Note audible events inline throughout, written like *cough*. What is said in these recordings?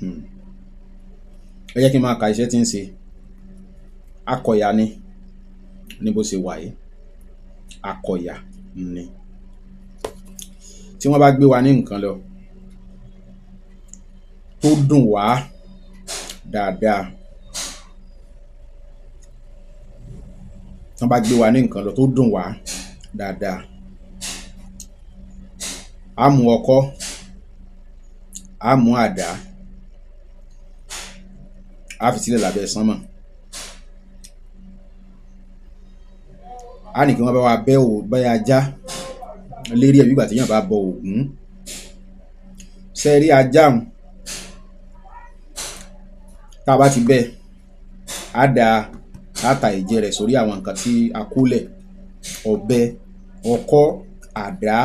Hmm. ẹ jẹ́ kí n máa ka iṣẹ́ tí ń ṣe akọ̀yà ni ní bó ṣe wà yìí akọ̀yà ni tí wọ́n bá gbé wa ní nǹkan lọ tó dùn wá dáadáa tí wọ́n bá gbé wa ní nǹkan lọ tó dùn wá dáadáa a mú ọkọ́ a mú àdá a fi sílẹ̀ lábẹ́ sánmọ̀ a ní kí wọ́n bá wa bẹ́ ò báyà já lérí ẹ̀bí ìgbà tí yàn bá bọ ògún sẹ́rí ajá òun tá a bá ti bẹ́ẹ̀ á da ata ìjẹ rẹ̀ sórí àwọn nǹkan tí a kó lẹ̀ ọ̀bẹ ọkọ́ àdá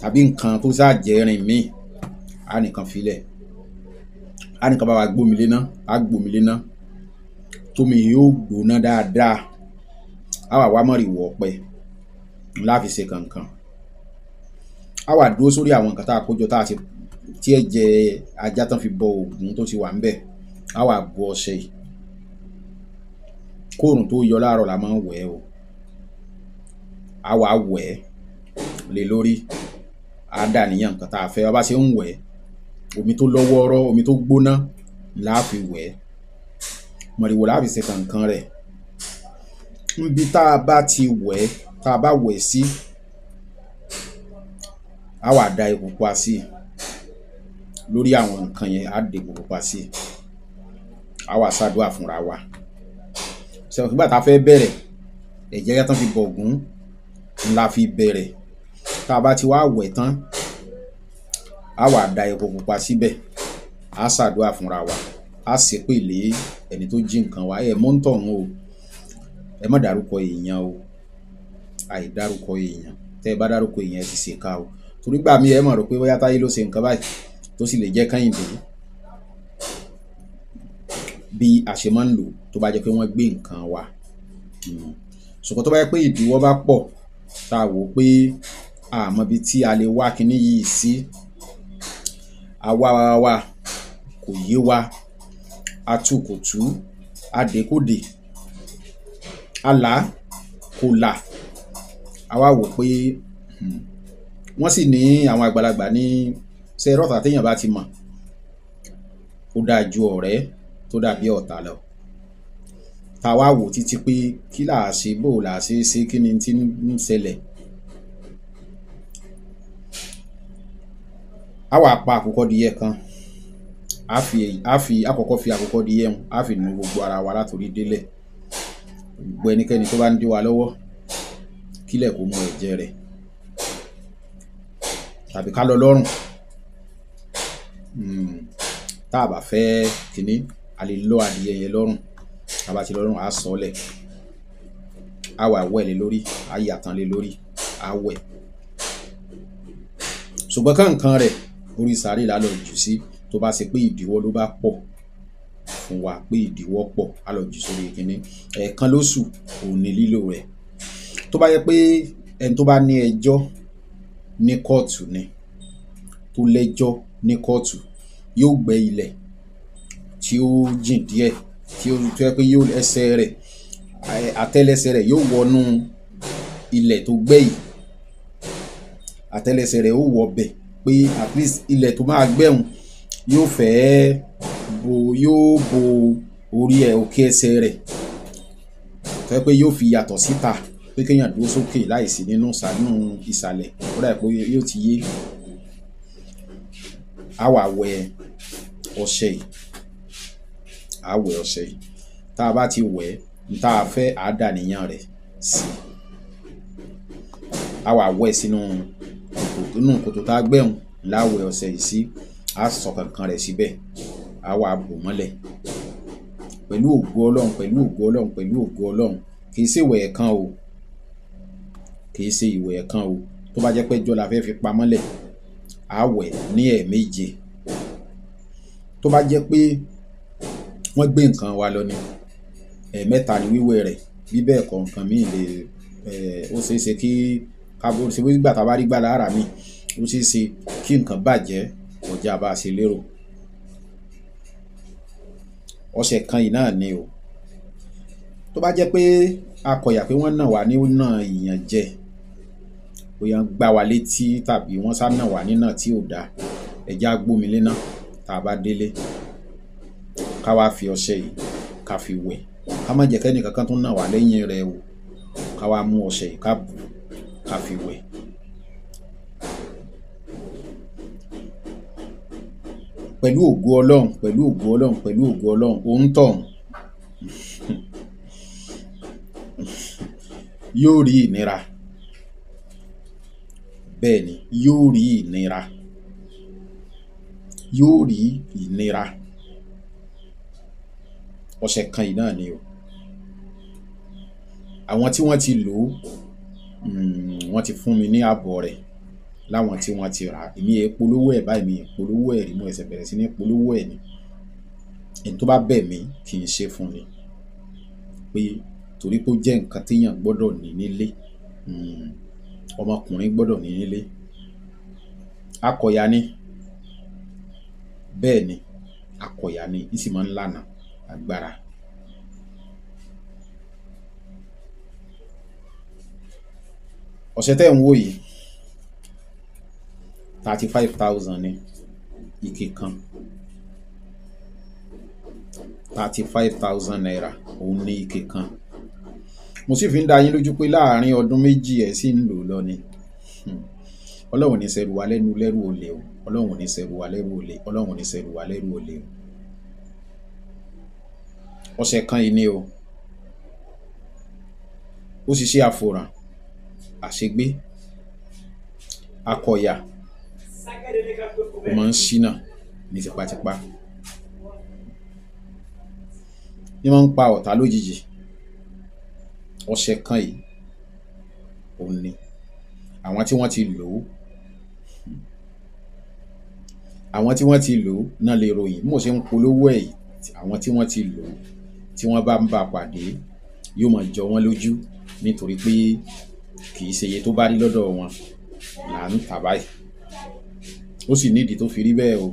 tàbí nǹkan tó sáà jẹ́rìn míì á nìkan filẹ̀ á ní kan bá wa gbómi léná á gbómi léná tómi yóò gbóná dáadáa á wà wá mọ̀rì wọ̀ ọ̀pẹ láfi ṣe kankan awa wà dúró sórí àwọn nǹkan tá a kójọ tá a ṣe tí ẹ̀jẹ̀ ajá tán fi bọ oògùn tó ti wà ńbẹ̀ á wà bu kóòrùn tó yọ láàárọ̀ la máa ń wẹ̀ o á wà wẹ̀ lórí á dà níyàn nǹkan tá a fẹ́ ọ ṣe ń wẹ̀ omi tó lọ́ wọ́ọ́rọ́ omi tó gbóná la fi wẹ̀ ẹ́ mọ̀rìwò la fi ṣe kànkan rẹ̀ níbi tá a bá ti wẹ̀ ẹ́ tá a bá wẹ̀ ẹ́ sí a wà da epo pupa sí lórí àwọn nǹkan yẹn á dèpò pupa sí a wà ṣàdúrà fúnra wa sẹ́wọ̀n nígbà tá a fẹ́ bẹ̀rẹ̀ ẹ̀jẹ̀ yẹn tán fi bọ̀gún ńlá fi bẹ̀rẹ̀ tá a bá ti wá wẹ̀ tán a wà da epo pupa síbẹ̀ a ṣàdúrà fúnra wa a ṣépè lé ẹni tó jí nǹkan wa ẹ mọ́ ń tọ̀hún o ẹ má dárúkọ èèyàn o àìdárúkọ èèyàn tẹ́ ẹ bá dárúkọ èèyàn ẹ ti ṣèkà o torí gbà mí ẹ mọ̀ rò pé bóyá táyé ló ṣe nǹkan báyìí tó sì lè jẹ́ kẹ́hìndé bí a ṣe máa ń lò tó bá jẹ́ pé wọ́n gbé nǹkan wa hmm. ṣùgbọ́n tó bá yẹ pé ìdíwọ́ bá pọ̀ tá a wò pé àmọ́ ibi tí a lè wá kinní yìí sí àwa ara wa kò yé wa atukùtù adèkódè alà kò là àwa wò pé hmm, wọ́n sì ní àwọn àgbàlagbà ní ṣe rọ́ọ̀tà téèyàn bá ti mọ̀ ó dáa ju ọ̀rẹ́ tó dàbí ọ̀tá lọ ta wá wò títí pé kí là ṣe bó là ṣe é ṣe kí ni ti ń ṣẹlẹ̀ a wà pa àkókò díẹ̀ kan a fi a fi àkọ́kọ́ fi àkókò díẹ̀ hun a fi nu gbogbo ara wa látòrí délẹ̀ gbogbo ẹnikẹ́ni tó bá ń dí wa lọ́wọ́ kílẹ̀ kó mọ ẹ̀jẹ̀ rẹ̀ tàbí ká lọ lọ́rùn hmm, tá a bá fẹ́ kínní a lè lọ adìyẹ yẹn lọ́rùn tá a bá ti lọ a sọ ọ́ a wà wẹ̀ lé lórí a yàtàn lé lórí a wẹ̀ ṣùgbọ́n ká nǹkan rẹ̀ orí sàárè lálọ́ jù sí tó bá ṣe pé ìdíwọ́ ló bá pọ̀ fún wa pé ìdíwọ́ pọ̀ lálọ́ jù sórí kínní ẹ̀ẹ̀kan lóṣù òun ni lílò rẹ̀ tó bá yẹ pé ẹni tó bá ní ẹjọ́ ní kóòtù ni tó lẹ́jọ́ ní kóòtù yóò gbẹ́ ilẹ̀ tí ó jìn díẹ̀ tí ó tó yẹ pé yóò ẹsẹ̀ rẹ̀ àtẹ́lẹsẹ̀ rẹ̀ yóò wọnú ilẹ̀ tó gbẹ́ àtẹ́lẹsẹ̀ rẹ̀ ó wọ bẹ́ẹ̀ pé at least ilẹ̀ tó máa gbẹ̀hùn yóò fẹ́ bo yóò bo orí ẹ̀ òkè ẹsẹ̀ rẹ̀ tó yẹ pé yóò fi yàtọ̀ síta pé kéèyàn dúró sókè láìsí nínú sàánú ìsàlẹ̀ ó dà pé yóò ti yé àwa wẹ ọṣẹ yìí a wẹ ọṣẹ yìí tá a bá ti wẹ tá a fẹ́ àádàníyàn rẹ̀ sí àwa wẹ sínú. Si kòtò inú kòtò tá a gbẹ̀hùn láwẹ̀ ọ̀sẹ̀ yìí sí a sọ kankan rẹ̀ síbẹ̀ a wà bò mọ́lẹ̀ pẹ̀lú ògo ọlọ́run pẹ̀lú ògo ọlọ́run pẹ̀lú ògo ọlọ́run kì í ṣe ìwẹ̀ ẹ̀kan o kì í ṣe ìwẹ̀ ẹ̀kan o tó bá jẹ́ pé jọ́ la fẹ́ fi pamọ́lẹ̀ a wẹ̀ ní ẹ̀ẹ̀méje tó bá jẹ́ pé wọ́n gbé nǹkan wa lọ ni ẹ̀ẹ̀mẹ́ta ni wíwẹ̀ rẹ̀ bí bẹ́ẹ̀ kọ̀ọ̀kan míì lè ó ṣeé kí kábò ṣe bó gbà tá a bá rí gbà lára mi ó sì ṣe kí nǹkan bàjẹ́ ọjà bá a ṣe lérò ọ̀sẹ̀ kan yìí náà ni o tó bá jẹ́ pé akọ̀yà pé wọ́n nà wá ní náà ìyànjẹ bóyá gbá wa létí tàbí wọ́n sá nà wá nínà tí ò dáa ẹ̀já gbómìnlé náà tá a bá délé ká wá fi ọṣẹ yìí ká fi wẹ̀ ká má jẹ́ kẹ́nìkankan tó nà wá lẹ́yìn rẹ̀ o ká wá mú ọṣẹ yìí ká bù ú ká fi wẹ̀. pẹ̀lú ògo ọlọ́run pẹ̀lú ògo ọlọ́run pẹ̀lú ògo ọlọ́run òun tọ̀hún yóò rí ìnira bẹ́ẹ̀ ni yóò rí ìnira yóò rí ìnira ọ̀sẹ̀ kan yìí náà ni o àwọn tí wọ́n ti lò ó Mm, wọ́n ti fún mi ní ààbọ̀ rẹ̀ láwọn tí wọ́n ti rà èmi yẹn e polówó ẹ̀ báyìí mi yẹn e polówó ẹ̀ rí mo ẹsẹ̀ bẹ̀rẹ̀ sí ní polówó ẹ̀ ni ẹni tó bá bẹ̀ mí kì í ṣe fún ni pé torí pé ó jẹ́ nǹkan téèyàn gbọ́dọ̀ ní nílé mm, ọmọkùnrin gbọ́dọ̀ ní nílé akọ̀yà ni bẹ́ẹ̀ ni akọ̀yà ni ìsì máa ń lànà agbára ọ̀sẹ̀ tẹ́ ń wò yìí thirty five thousand ni ike kan thirty five thousand naira òun ní ike kan mo sì fi ń dá yín lójú pé láàárín ọdún méjì ẹ̀ sì ń lò lọ ni hmm. ọlọ́run ò ní ṣẹ̀rù wa lẹ́nu lẹ́rù olè o ọlọ́run ò ní ṣẹ̀rù wa lẹ́rù olè ọlọ́run ò ní ṣẹ̀rù wa lẹ́rù olè o ọ̀sẹ̀ kan yìí ni o ó sì ṣe àfòràn àṣegbé akọ̀yà ó máa ń ṣínà ní tipátipá í máa ń pa ọ̀tá lójijì ọṣẹ kan yìí òun ni àwọn tí wọ́n ti lò ó àwọn tí wọ́n ti lò ó náà lè ròyìn bí mo ṣe ń polówó ẹ̀ yìí àwọn tí wọ́n ti lò ó tí wọ́n bá ń bá a pàdé yóò máa jọ wọ́n lójú nítorí pé kì í ṣe iye tó bá rí lọ́dọ̀ wọn là ń tà báyìí ó sì nídìí tó fi rí bẹ́ẹ̀ o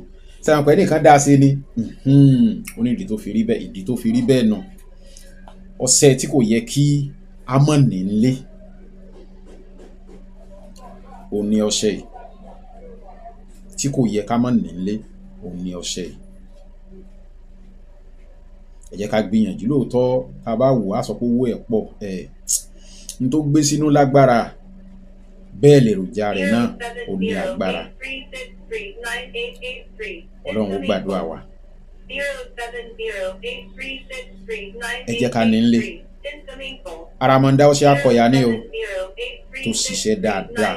sẹ́wọ̀n pẹ́ nìkan dá sí ni ó ní ìdí tó fi rí bẹ́ẹ̀ ìdí tó fi rí bẹ́ẹ̀ nù ọṣẹ tí kò yẹ kí a mọ̀ ní nílé ó ní ọṣẹ yìí tí kò yẹ ká mọ̀ ní nílé ó ní ọṣẹ yìí ẹ ká gbìyànjú lóòótọ́ tá bá wò á sọ pé owó ẹ̀ pọ̀ ẹ̀ n tó gbé sínú lágbára bẹ́ẹ̀ lèròjà rẹ̀ náà ó ní agbára ọlọ́run ó gbàdúrà wa ẹ jẹ́ ká ní nílé aramanda ọ̀sẹ̀ akọ̀yà ni o tó ṣiṣẹ́ dáadáa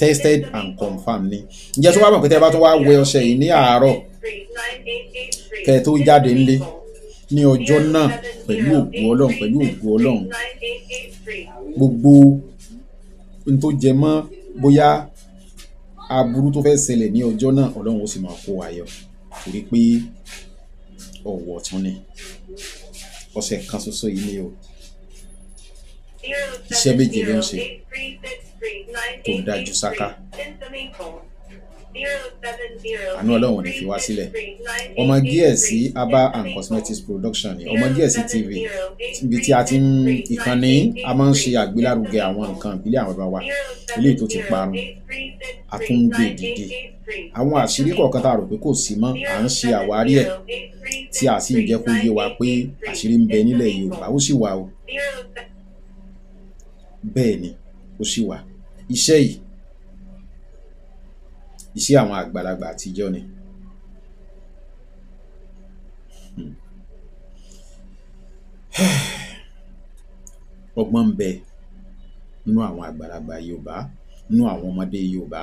tested and confirmed ni ǹjẹ́ tó bá mọ̀ pé tẹ́ bá tún wá wẹ ọṣẹ yìí ní àárọ̀ kẹ́ ẹ tó jáde nílé ní ọjọ́ náà pẹ̀lú ògùn ọlọ́run pẹ̀lú ògùn ọlọ́run gbogbo n tó jẹ mọ́ bóyá aburú tó fẹ́ ṣẹlẹ̀ ní ọjọ́ náà ọlọ́run ó sì máa kó wa yọ torí pé ọ̀wọ̀ tún ni ọ̀sẹ̀ kan ṣoṣo yìí ni o iṣẹ́ méje ló ń ṣe tó dájú sáká àánú ọlọ́run ní fi wá sílẹ̀ ọmọ díẹ̀ aba and cosmetics production ni ọmọ díẹ̀ tv ibi tí a ti ń ìkànnì a máa ń ṣe àgbélárugẹ àwọn nǹkan ìbílẹ̀ àwọn bàbá wa ilé tó ti parun a tún ń gbé dìde àwọn àṣírí kọ̀ọ̀kan tá a rò pé kò sí mọ́ à ń ṣe àwárí ẹ̀ tí a sì ń jẹ́ kó yé wa pé àṣírí ń bẹ nílẹ̀ yorùbá ó sì wà o bẹ́ẹ̀ ni ó sì wà iṣẹ́ yìí iṣẹ́ àwọn àgbàlagbà àtijọ́ ni. Hmm. *sighs* ọgbọ́n ń bẹ nínú àwọn àgbàlagbà Yorùbá nínú àwọn ọmọdé Yorùbá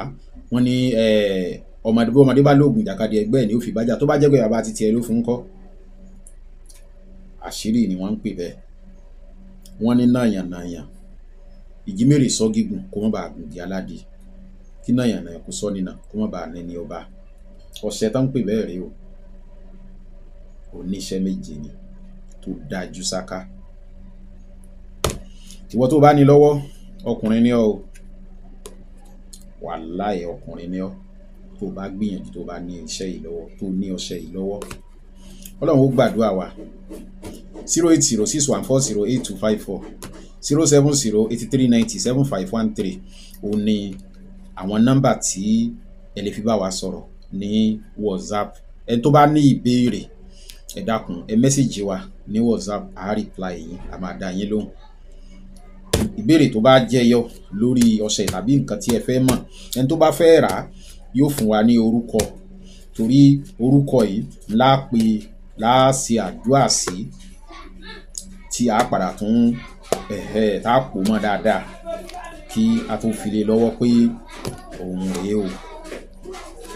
wọ́n ní ọmọdé bí ọmọdé bá lóògùn ìjàkadì ẹgbẹ́ ẹ̀ ni ó fi bájà tó bá jẹ́ pé bàbá ti tiẹ̀ ló fún un kọ́ àṣírí ni wọ́n ń pè bẹ́ẹ̀ wọ́n ní náyànnáyàn ìjímèrè sọ́gígùn kó má bàa gùn di aládìí kí náà yànnà kó sọ nínà kó má bàa nẹni ọba ọ̀sẹ̀ tó pè bẹ́ẹ̀ rí o oníṣẹ́ méje ni tó dájú sáká ìwọ tó bá ní lọ́wọ́ ọkùnrin ni ọ́ o wàláì ọkùnrin ni ọ́ tó bá gbìyànjú tó bá ní iṣẹ́ yìí lọ́wọ́ tó ní ọṣẹ yìí lọ́wọ́ ọlọ́run ó gbàdúrà wa zero eight zero six one four zero eight two five four zero seven zero eighty three ninety seven five one three òun ni àwọn nọ́mbà tí ẹ lè fi bá wa sọ̀rọ̀ ní WhatsApp ẹ tó bá ní ìbéèrè ẹ dákun ẹ mẹ́sìgì wa ní WhatsApp àá reply yín a máa dá yín lóhùn ìbéèrè tó bá jẹyọ lórí ọṣẹ tàbí nǹkan tí ẹ fẹ́ mọ̀ ẹni tó bá fẹ́ rà á yóò fún wa ní orúkọ torí orúkọ yìí láàpè láàṣì àdúrà sí tí a padà tún tá a pò mọ́ dáadáa kí a tó fi lé lọ́wọ́ pé òun rèé o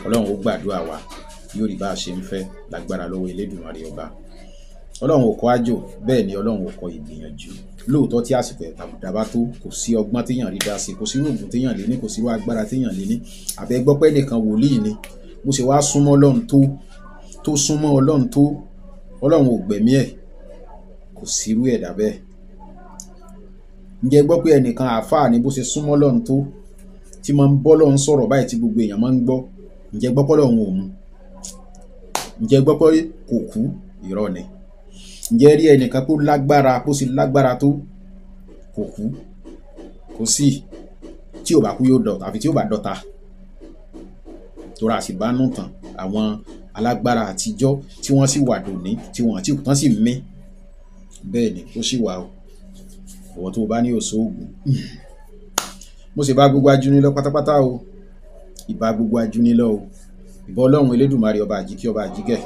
ọlọ́run ó gbàdúrà wa yóò rí bá a ṣe ń fẹ́ lágbára lọ́wọ́ elédùnmarè ọba ọlọ́run ò kọ̀ àjò bẹ́ẹ̀ ni ọlọ́run ò kọ̀ ìgbìyànjú lóòótọ́ tí àsìkò ẹ̀tàbùdà bá tó kò sí ọgbọ́n téèyàn rí dá sí kò sí oògùn téèyàn lé ní kò sí agbára téèyàn lé ní àbẹ́gbọ́pẹ́ nìkan wòlíì ni mo ṣe wá súnmọ́ ọlọ́run tó tó súnmọ́ ọlọ́run tó ọlọ́run ò gbẹ̀mí ẹ̀ kò sírú ẹ̀dá bẹ́ẹ̀ ǹjẹ́ gbọ́ pé ẹnìkan àáfàá ni bó ṣe súnmọ́ lọ́run tó tí máa ń bọ́ lọ́run sọ̀rọ̀ báyìí tí gbogbo èèyàn máa ń gbọ́ ǹjẹ́ gbọ́ pọ́lọ́ òun òun ǹjẹ́ gbọ́ pé kò kú irọ́ ni ǹjẹ́ rí ẹnìkan kó lágbára kó sì lágbára tó kò kú kò sí tí ò bá kú yóò dọ̀tà àfi tí ò bá dọ̀tà tóra àṣìbánú tàn àwọn alágbára àtijọ́ tí wọ́n sì wà dòní tí wọ́n àti tán sì mí bẹ́ẹ̀ ni ó sì wà o ọ̀wọ́ tó o bá ní òṣoògùn mo sì bá gbogbo ajúnilọ pátápátá o ìbá gbogbo ajúnilọ o ìbọn ọlọ́run elédùnmarè ọba àjíkí ọba àjíkẹ́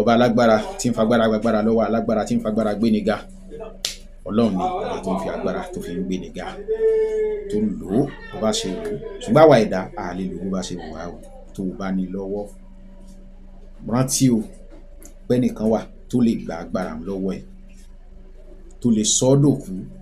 ọba alágbára tí ń fagbára agbára lọ́wọ́ alágbára tí ń fagbára gbéni ga ọlọ́run ni ọba tó ń fi agbára tó fi ń gbéni ga tó lò ó bó bá ṣe wò ó ṣùgbọ́n àwa ẹ̀dá a lè lò bó bá ṣe wò wá o tó o bá ní lọ́wọ́ rántí o pẹ́nìkan wà tó lè gba agbára lọ́wọ́ ẹ̀ tu lhe do cu